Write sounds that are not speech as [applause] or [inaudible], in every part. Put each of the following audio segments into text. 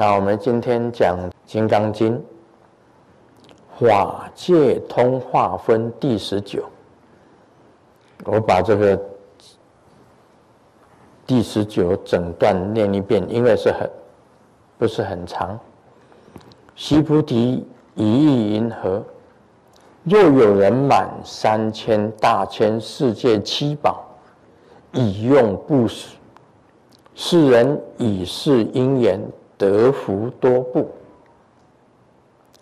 那我們今天講《金剛經》，法界通化分第十九，我把這個第十九整段念一遍，因為是很不是很長。須菩提，於意云何，若有人滿三千大千世界七寶，以用布施，是人以是因緣。得福多不？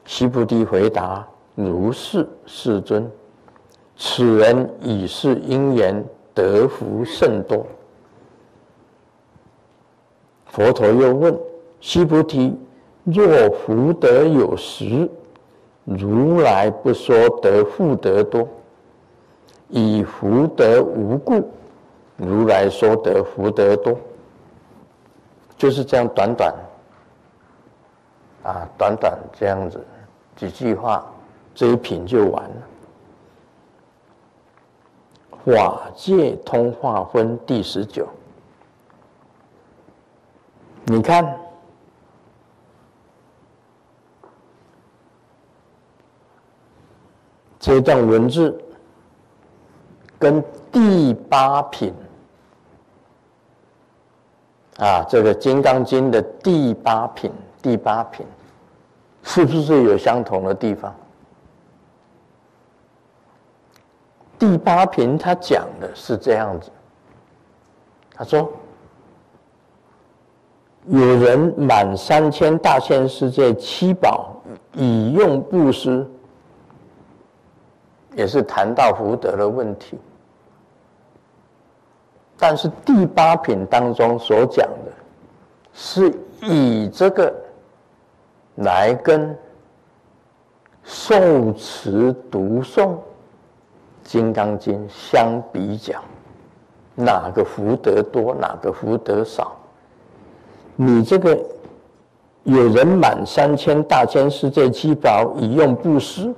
須菩提回答：“如是，世尊。此人以是因緣得福甚多。”佛陀又問須菩提：“若福德有實，如來不說得福德多；以福德無故，如來說得福德多。”就是這樣，短短。啊，短短這樣子幾句話，這一品就完了。法界通化分第十九，你看這段文字跟第八品啊，這個《金剛經》的第八品，第八品。是不是有相同的地方？第八品他講的是這樣子，他說：“有人滿三千大千世界七寶以用布施，也是談到福德的問題。但是第八品當中所講的，是以這個。”來跟受持讀誦《金剛經》相比較，哪個福德多？哪個福德少？你這個有人滿三千大千世界七寶以用布施，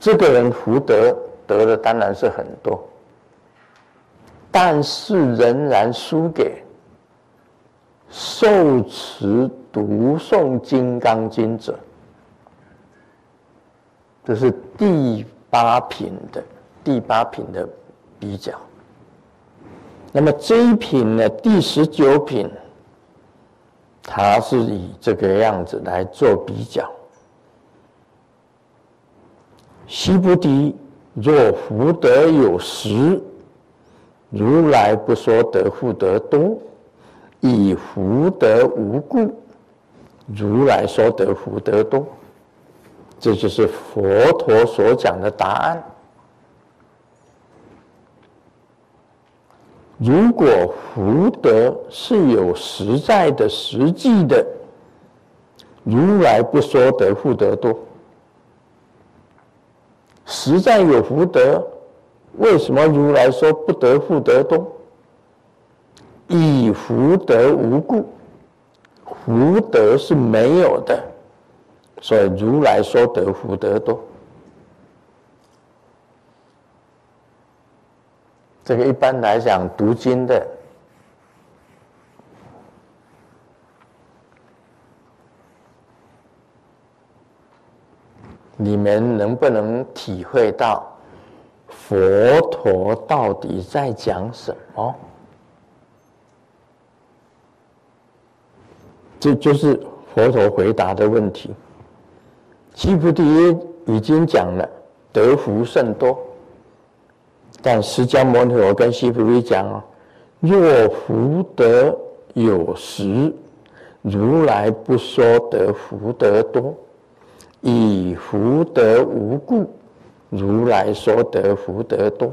這個人福德得的當然是很多，但是仍然輸給。受持讀誦金剛經者，這是第八品的第八品的比較。那麼這一品呢，第十九品，它是以這個樣子來做比較。須菩提，若福德有實，如來不說得福德多。以福德無故，如來說得福德多，這就是佛陀所講的答案。如果福德是有實在的、實際的，如來不說得福德多。實在有福德，為什麼如來說不得福德多？以福德無故，福德是沒有的。所以如來說得福德多。這個一般來講，讀經的你們能不能體會到佛陀到底在講什麼？這就是佛陀回答的問題。須菩提已經講了，得福甚多。但釋迦牟尼，我跟須菩提講哦，若福德有實，如來不說得福德多；以福德無故，如來說得福德多。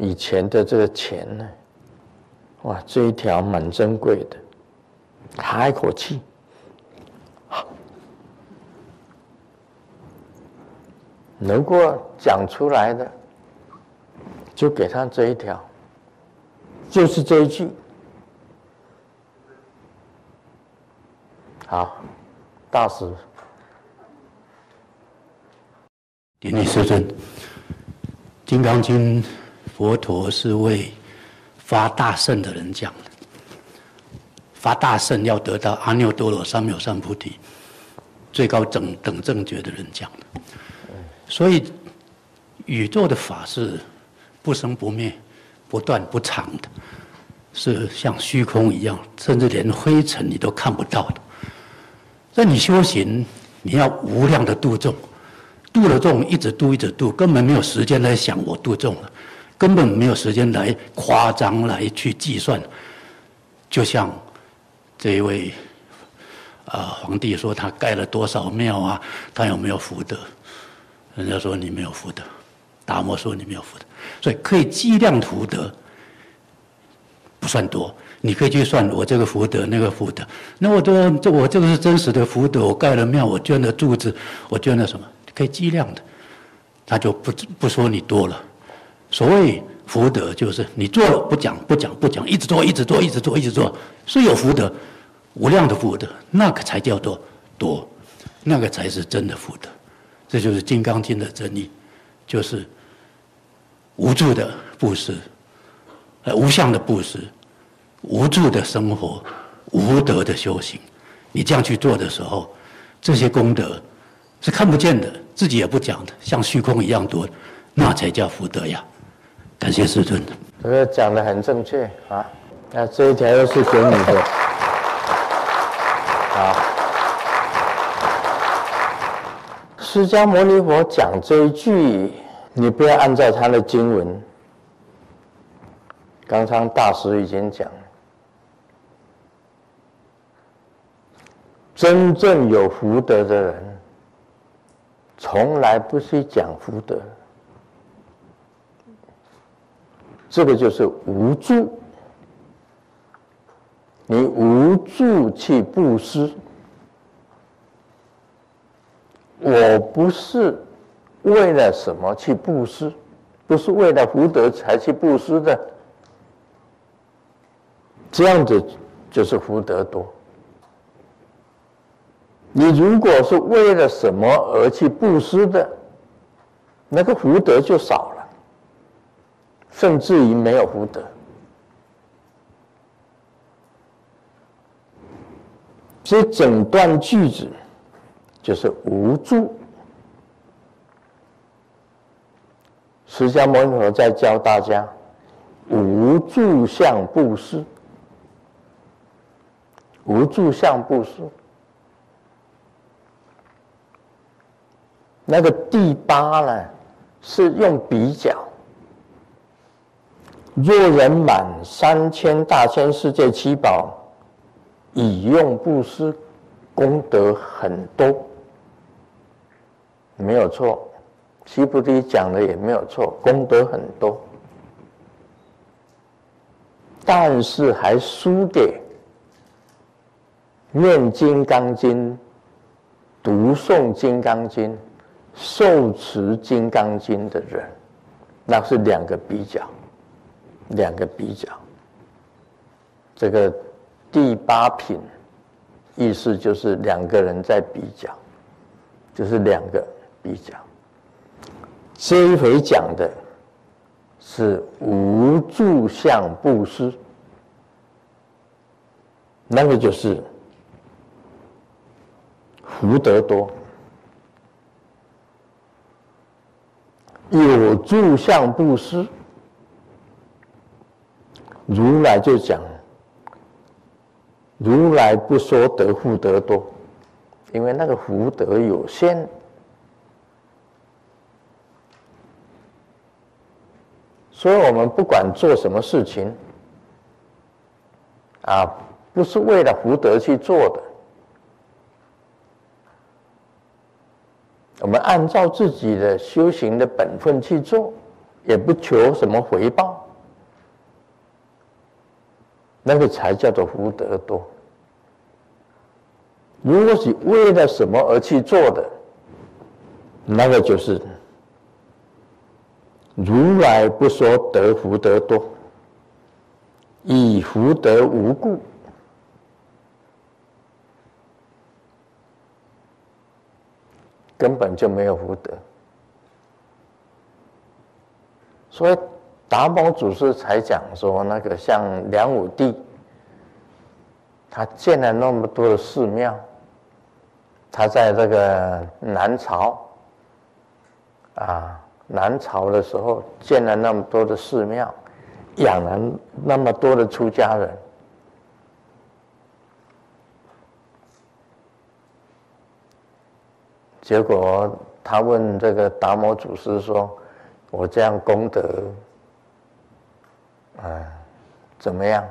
以前的這個錢呢，哇，這一條蠻珍貴的，嘆一口氣，好、啊，能夠講出來的，就給他這一條，就是這一句，好，大師，頂禮師尊，《金剛經》。佛陀是為發大乘的人講的，發大乘要得到阿耨多羅三藐三菩提，最高等等正覺的人講的。所以，宇宙的法是不生不滅、不斷不長的，是像虛空一樣，甚至連灰塵你都看不到的。那你修行，你要無量的度眾，度了眾一直度一直度，根本沒有時間來想我度眾了。根本沒有時間來誇張，來去計算。就像這一位啊、呃、皇帝說他蓋了多少廟啊，他有沒有福德？人家說你沒有福德，達摩說你沒有福德，所以可以計量福德不算多。你可以去算我這個福德，那個福德。那我多，這我這個是真實的福德。我蓋了廟，我捐了柱子，我捐了什麼，可以計量的，他就不不說你多了。所謂福德，就是你做了不講不講不講，一直做一直做一直做一直做，是有福德，無量的福德，那個才叫做多，那個才是真的福德。這就是《金剛經》的真理，就是無住的布施，呃無相的布施，無住的生活，無德的修行。你這樣去做的時候，這些功德是看不見的，自己也不講的，像虛空一樣多，那才叫福德呀！感謝師尊，這個講得很正確啊！那這一條又是給你的，好。釋迦牟尼佛講這一句，你不要按照他的經文。剛剛大師已經講，真正有福德的人，從來不去講福德。這個就是無住，你無住去布施。我不是為了什麼去布施，不是為了福德才去布施的。這樣子就是福德多。你如果是為了什麼而去布施的，那個福德就少了。甚至於沒有福德，這整段句子就是無住。釋迦牟尼佛在教大家無住相布施，無住相布施。那個第八呢，是用比較。若人滿三千大千世界七寶，以用布施，功德很多，沒有錯。須菩提講的也沒有錯，功德很多，但是還輸給唸《金剛經》、讀誦《金剛經》、受持《金剛經》的人，那是兩個比較。兩個比較，這個第八品，意思就是兩個人在比較，就是兩個比較。這一回講的，是無住相布施，那個就是福德多，有住相布施。如來就講，如來不說得福德多，因為那個福德有限。所以，我們不管做什麼事情，啊，不是為了福德去做的，我們按照自己的修行的本分去做，也不求什麼回報。那個才叫做福德多。如果是為了什麼而去做的，那個就是如來不說得福德多，以福德無故，根本就沒有福德。所以。達摩祖師才講說，那個像梁武帝，他建了那麼多的寺廟，他在這個南朝，啊，南朝的時候建了那麼多的寺廟，養了那麼多的出家人，結果他問這個達摩祖師說：“我這樣功德？”哎、嗯，怎麼樣？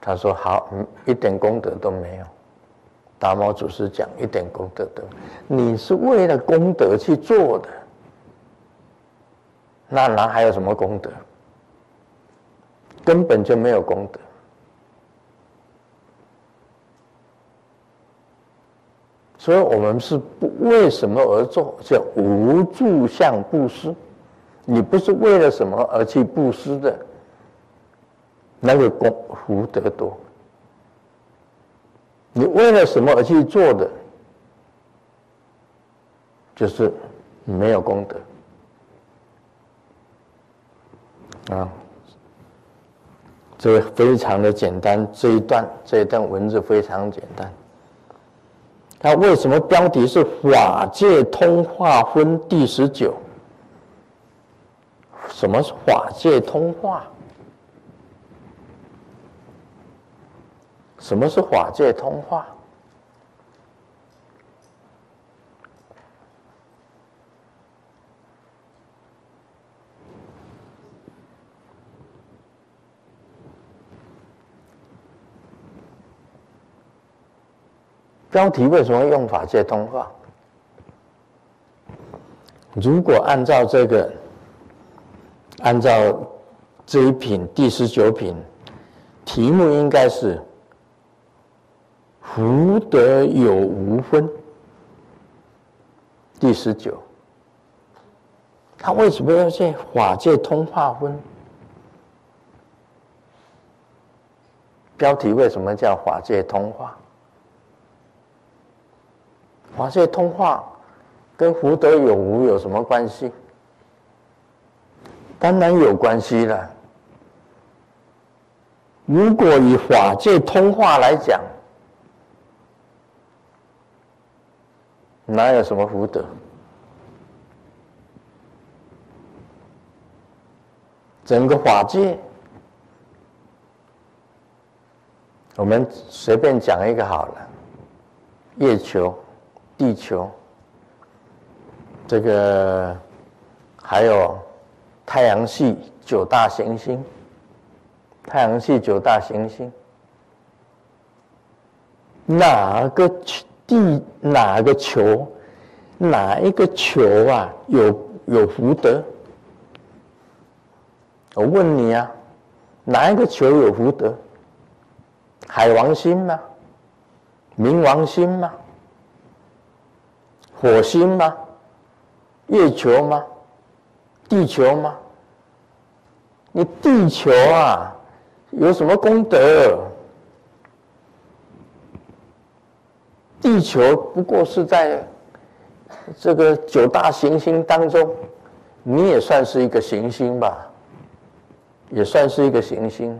他說好、嗯，一點功德都沒有。達摩祖師講，一點功德都沒有。你是為了功德去做的，那然還有什麼功德？根本就沒有功德。所以，我們是不為什麼而做叫無住相布施。你不是為了什麼而去布施的。那個功福德多，你為了什麼而去做的，就是沒有功德啊。這非常的簡單，這一段這一段文字非常簡單。它、啊、為什麼標題是《法界通化分》第十九？什麼是法界通化？什麼是法界通化？標題為什麼用法界通化？如果按照這個，按照這一品第十九品，題目應該是。福德有無分，第十九。他為什麼要借法界通化分？標題為什麼叫法界通化？法界通化跟福德有無有什麼關係？當然有關係了。如果以法界通化來講，哪有什麼福德？整個法界，我們隨便講一個好了：月球、地球，這個還有太陽系九大行星。太陽系九大行星，哪、那個？地哪個球，哪一個球啊？有有福德？我問你啊，哪一個球有福德？海王星嗎？冥王星嗎？火星嗎？月球嗎？地球嗎？你地球啊，有什麼功德？地球不過是在這個九大行星當中，你也算是一個行星吧，也算是一個行星。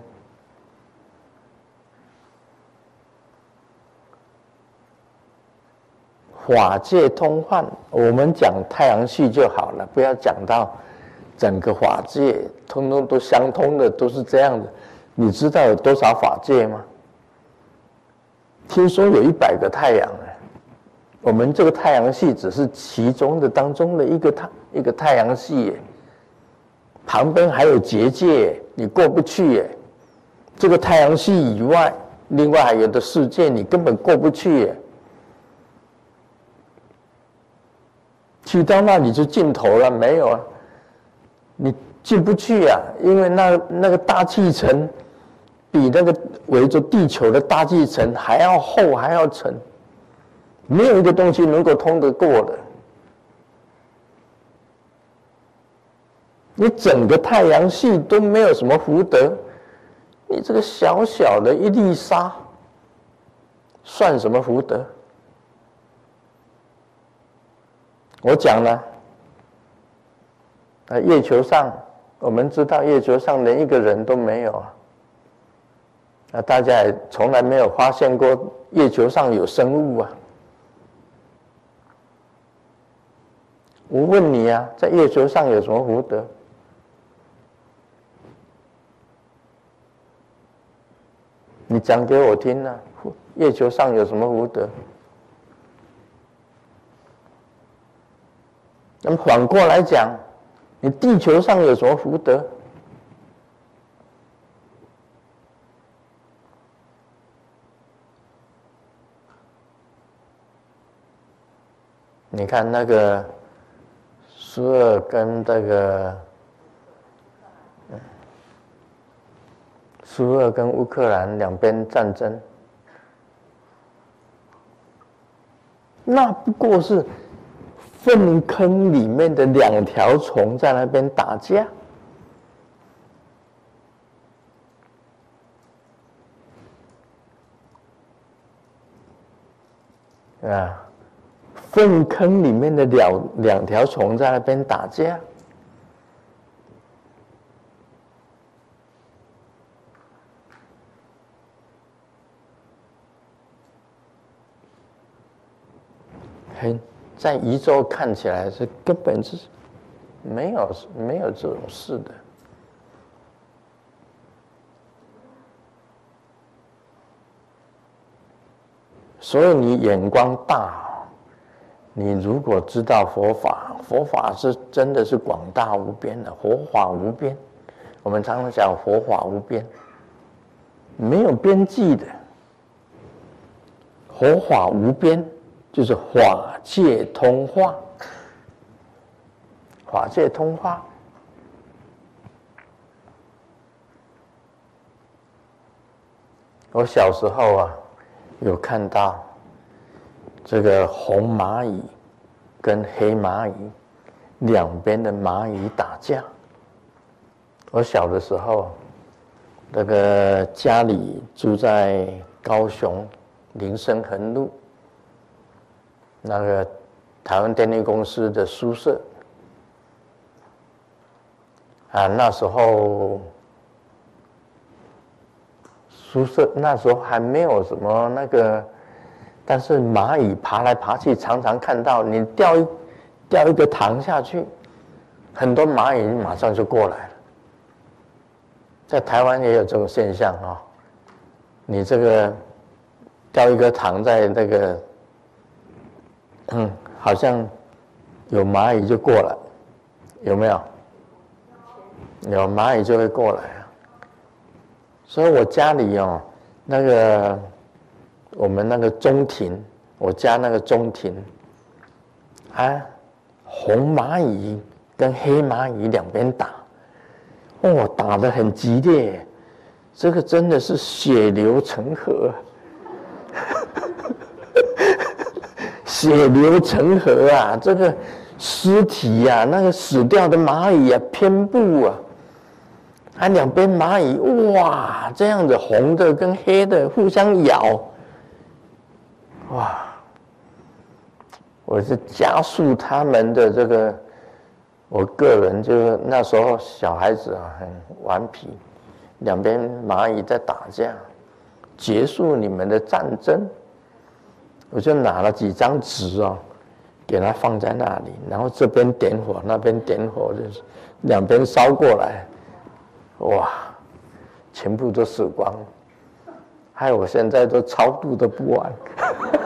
法界通化，我們講太陽系就好了，不要講到整個法界通通都相通的，都是這樣的。你知道有多少法界嗎？聽說有一百個太陽呢，我們這個太陽系只是其中的當中的一個太一個太陽系，旁邊還有結界，你過不去耶。這個太陽系以外，另外還有的世界，你根本過不去耶。去到那裡就盡頭了，沒有啊，你進不去啊，因為那那個大氣層。比那個圍着地球的大氣層還要厚，還要沉，沒有一個東西能夠通得過的。你整個太陽系都沒有什麼福德，你這個小小的一粒沙，算什麼福德？我講了，啊，月球上，我們知道月球上連一個人都沒有啊。那大家也從來沒有發現過月球上有生物啊！我問你啊，在月球上有什麼福德？你講給我聽呢、啊？月球上有什麼福德？那麼反過來講，你地球上有什麼福德？你看那個，蘇俄跟這個，嗯，蘇俄跟烏克蘭兩邊戰爭，那不過是糞坑裡面的兩條蟲在那邊打架，對吧？糞坑裡面的兩兩條蟲在那邊打架，很、okay. 在宇宙看起來是根本是沒有沒有這種事的，所以你眼光大。你如果知道佛法，佛法是真的是廣大無邊的，佛法無邊。我們常常講佛法無邊，沒有邊際的。佛法無邊，就是法界通化，法界通化。我小時候啊，有看到。這個紅螞蟻跟黑螞蟻兩邊的螞蟻打架。我小的時候，那個家裡住在高雄林森橫路那個台灣電力公司的宿舍啊，那時候宿舍那時候還沒有什麼那個，但是螞蟻爬來爬去，常常看到你掉一掉一個糖下去，很多螞蟻馬上就過來了。在台灣也有這種現象啊！你這個掉一個糖在那個，嗯，好像有螞蟻就過來，有沒有？有螞蟻就會過來啊！所以我家裡哦，那個。我們那個中庭，我家那個中庭，啊，紅螞蟻跟黑螞蟻兩邊打，哦，打得很激烈，這個真的是血流成河， [laughs] 血流成河啊！這個屍體呀、啊，那個死掉的螞蟻呀、啊，偏不啊，啊，兩邊螞蟻哇，這樣子紅的跟黑的互相咬。哇！我是加速他們的這個，我個人就是那時候小孩子啊，很頑皮，兩邊螞蟻在打架，結束你們的戰爭，我就拿了幾張紙哦，給它放在那裡，然後這邊點火，那邊點火，就是兩邊燒過來，哇，全部都死光了，害我現在都超度都不完。 [laughs]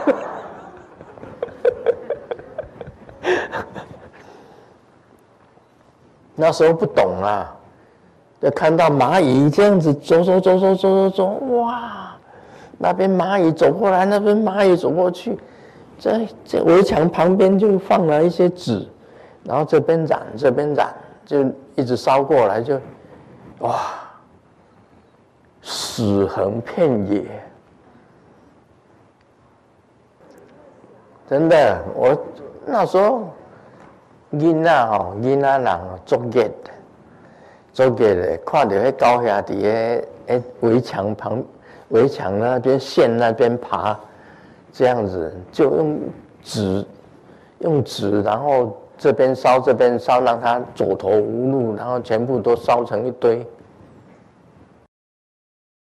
那時候不懂啊，就看到螞蟻這樣子走走走走走走走，哇，那邊螞蟻走過來，那邊螞蟻走過去，在在圍牆旁邊就放了一些紙，然後這邊燃這邊燃，就一直燒過來就，就哇，屍橫遍野，真的，我那時候。囡仔吼，囡仔人作業，作業的，看到迄狗蟻佇個誒圍牆旁，圍牆那邊線那邊爬，這樣子就用紙，用紙，然後這邊燒這邊燒，讓它走投無路，然後全部都燒成一堆。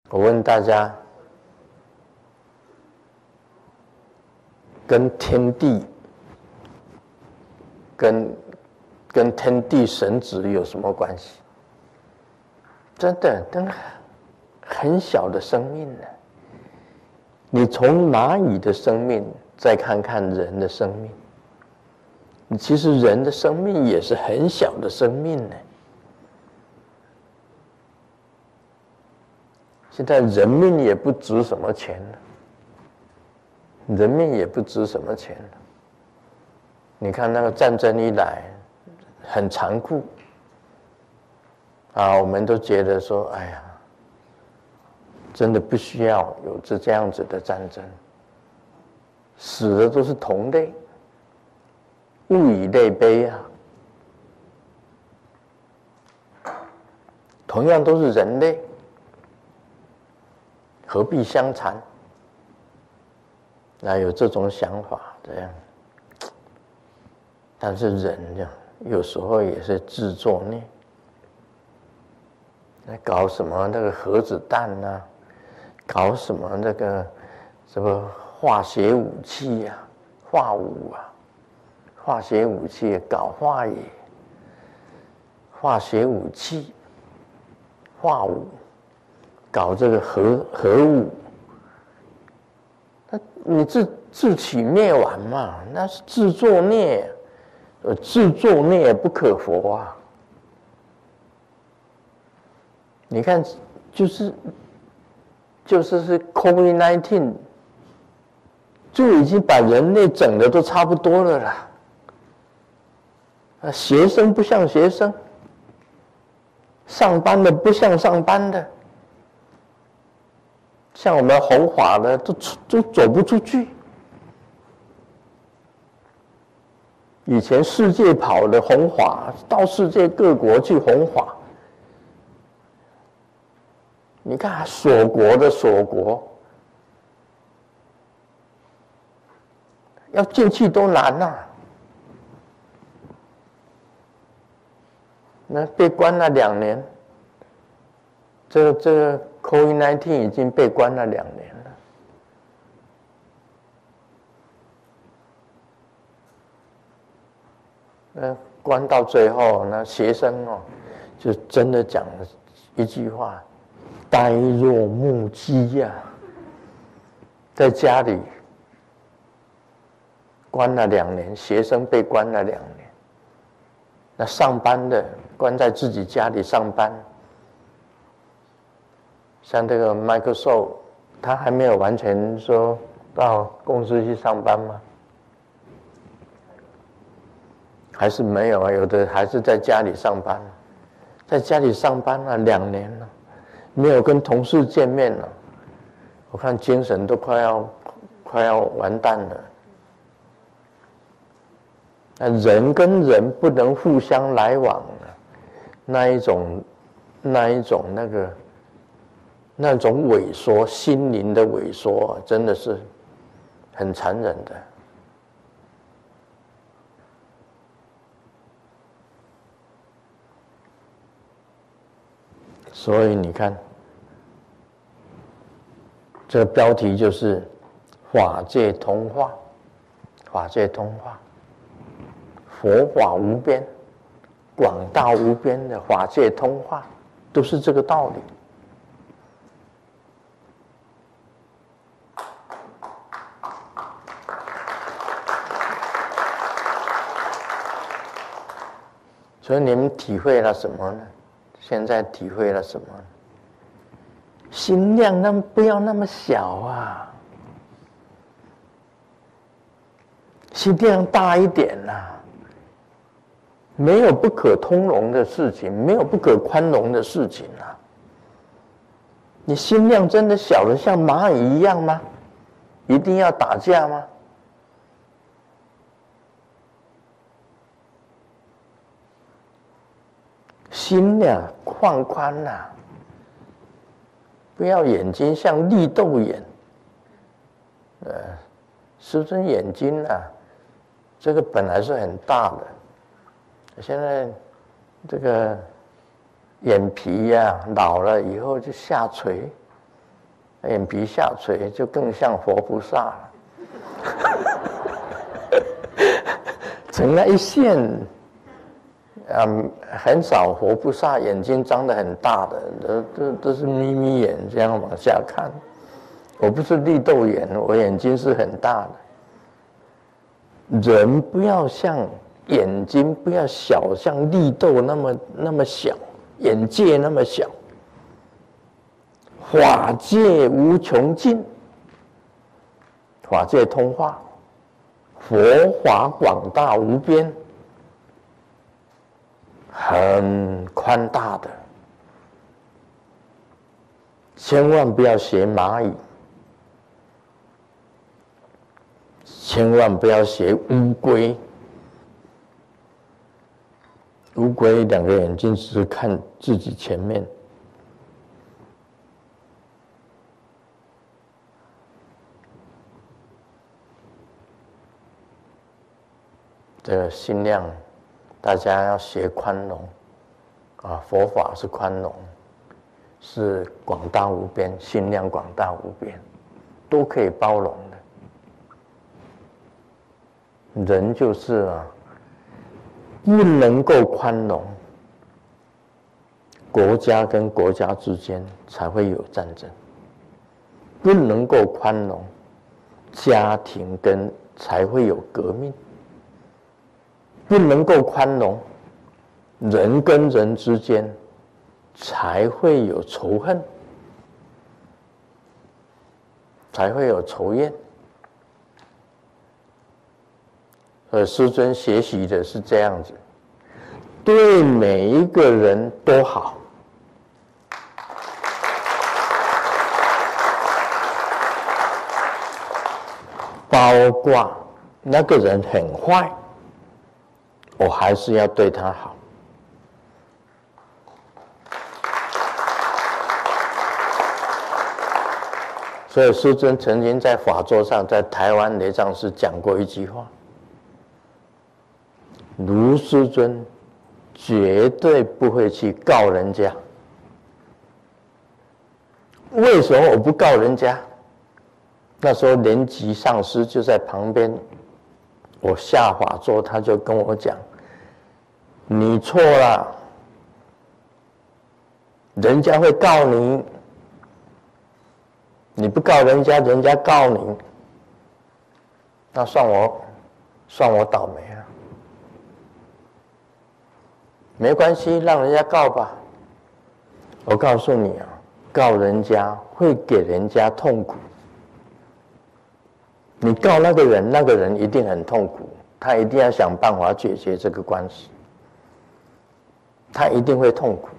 我問大家，跟天地，跟。跟天地神祇有什麼關係？真的，跟很小的生命呢。你從螞蟻的生命再看看人的生命，其實人的生命也是很小的生命呢。現在人命也不值什麼錢了，人命也不值什麼錢了。你看那個戰爭一來。很殘酷啊！我們都覺得說，哎呀，真的不需要有這這樣子的戰爭，死的都是同類，物以類悲啊。同樣都是人類，何必相殘？那有這種想法這樣，但是人呢？有時候也是自作孽，那搞什麼那個核子彈吶、啊，搞什麼那個什麼化學武器呀、啊？化武啊，化學武器也搞化野，化學武器化武，搞這個核核武，那你自自取滅亡嘛？那是自作孽。呃，自作孽不可活啊！你看，就是就是是 COVID-19，就已經把人類整的都差不多了啦。啊，學生不像學生，上班的不像上班的，像我們弘法的都出都，都走不出去。以前世界跑得紅火，到世界各國去紅火。你看鎖國的鎖國，要進去都難吶、啊。那被關了兩年，這個、這個、COVID-19 已經被關了兩年了。那關到最後，那學生哦，就真的講了一句話， [noise] 呆若木雞呀、啊。在家裡關了兩年，學生被關了兩年。那上班的關在自己家裡上班，像這個 Microsoft，他還沒有完全說到公司去上班嗎？還是沒有啊？有的還是在家裡上班，在家裡上班了、啊、兩年了，沒有跟同事見面了、啊，我看精神都快要快要完蛋了。那人跟人不能互相來往啊，那一種，那一種那個，那種萎縮，心靈的萎縮、啊，真的是很殘忍的。所以你看，這個標題就是法“法界通化”，法界通化，佛法無邊，廣大無邊的法界通化，都是這個道理。所以你們體會了什麼呢？現在體會了什麼？心量那麼不要那麼小啊，心量大一點吶、啊。沒有不可通融的事情，沒有不可寬容的事情啊。你心量真的小得像螞蟻一樣嗎？一定要打架嗎？心呀、啊，放寬吶！不要眼睛像綠豆眼，呃，師尊眼睛啊，這個本來是很大的，現在這個眼皮呀、啊、老了以後就下垂，眼皮下垂就更像活菩薩了，成 [laughs] 了 [laughs] 一線。啊、um，很少佛菩薩，眼睛張得很大的，都都都是眯眯眼這樣往下看。我不是綠豆眼，我眼睛是很大的。人不要像眼睛不要小，像綠豆那麼那麼小，眼界那麼小。法界無窮盡，法界通化，佛法廣大無邊。很寬大的，千萬不要學螞蟻，千萬不要學烏龜。烏龜兩個眼睛只是看自己前面，這心量。大家要學寬容，啊，佛法是寬容，是廣大無邊，心量廣大無邊，都可以包容的。人就是啊，不能夠寬容，國家跟國家之間才會有戰爭；不能夠寬容，家庭跟才會有革命。不能夠寬容，人跟人之間才會有仇恨，才會有仇怨。而師尊學習的是這樣子，對每一個人都好，包括那個人很壞。我還是要對他好。所以師尊曾經在法座上，在台灣雷藏寺講過一句話：“盧師尊絕對不會去告人家。為什麼我不告人家？那時候蓮吉上師就在旁邊。”我下法座，他就跟我講：“你錯了，人家會告你，你不告人家，人家告你，那算我算我倒霉啊！沒關係，讓人家告吧。我告訴你啊，告人家會給人家痛苦。”你告那個人，那個人一定很痛苦，他一定要想辦法解決這個關係，他一定會痛苦。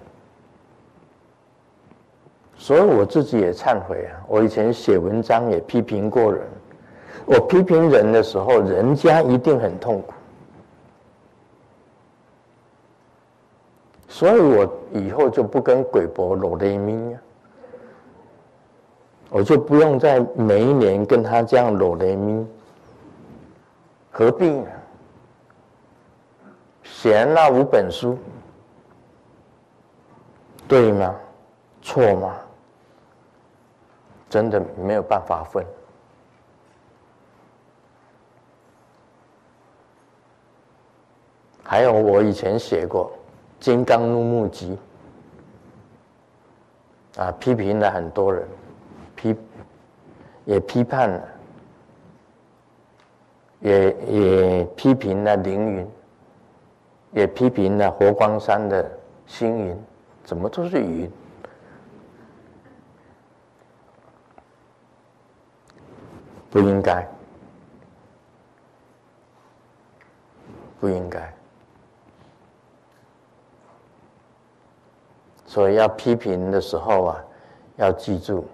所以我自己也懺悔啊，我以前寫文章也批評過人，我批評人的時候，人家一定很痛苦。所以我以後就不跟鬼婆羅雷明我就不用再每一年跟他這樣摟來咪，何必呢？寫那五本書對嗎？錯嗎？真的沒有辦法分。還有我以前寫過《金剛怒目集》，啊，批評了很多人。批，也批判了，也也批評了凌雲，也批評了佛光山的星雲，怎麼都是雲？不應該，不應該。所以要批評的時候啊，要記住。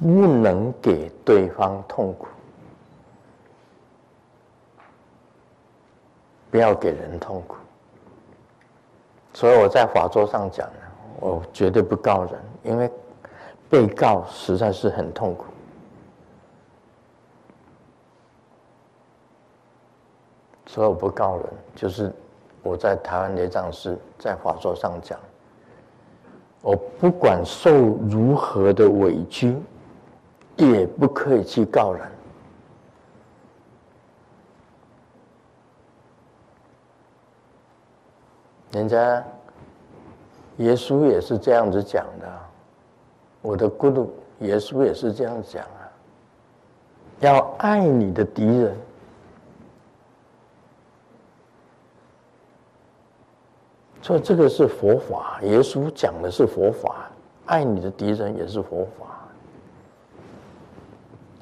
不能給對方痛苦，不要給人痛苦。所以我在法座上講呢，我絕對不告人，因為被告實在是很痛苦。所以我不告人，就是我在台灣的雷藏寺，在法座上講，我不管受如何的委屈。也不可以去告人。人家耶穌也是這樣子講的，我的國度，耶穌也是這樣講啊。要愛你的敵人，所以這個是佛法。耶穌講的是佛法，愛你的敵人也是佛法。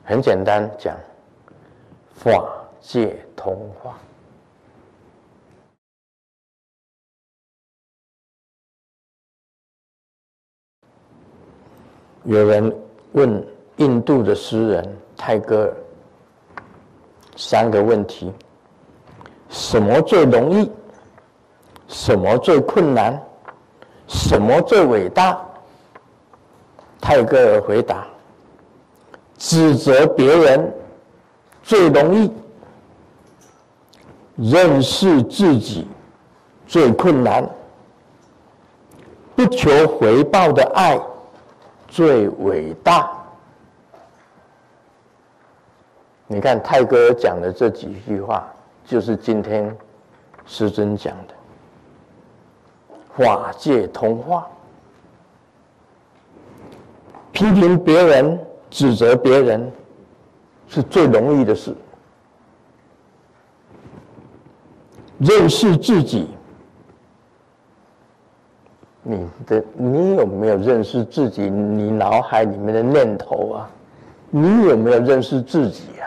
很簡單講，法界通化。有人問印度的詩人泰戈爾三個問題：什麼最容易？什麼最困難？什麼最偉大？泰戈爾回答。指責別人最容易，認識自己最困難，不求回報的愛最偉大。你看泰哥講的這幾句話，就是今天師尊講的《法界通化》，批評別人。指責別人是最容易的事。認識自己，你的你有沒有認識自己？你腦海裡面的念頭啊，你有沒有認識自己呀？啊？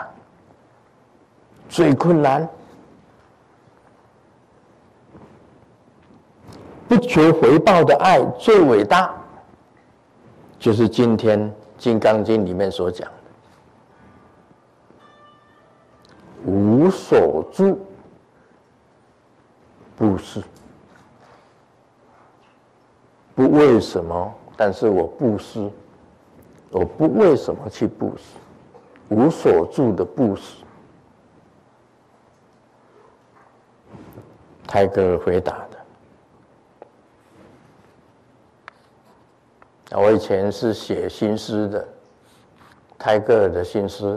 最困難，不求回報的愛最偉大，就是今天。《金剛經》裡面所講的“無所住布施”，不為什麼？但是我布施，我不為什麼去布施？無所住的布施。泰戈爾回答。我以前是寫新詩的，泰戈爾的新詩，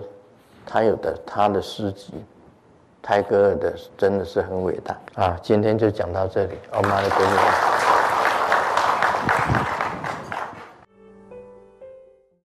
他有的他的詩集，泰戈爾的真的是很偉大啊！今天就講到這裡，阿彌陀佛。哦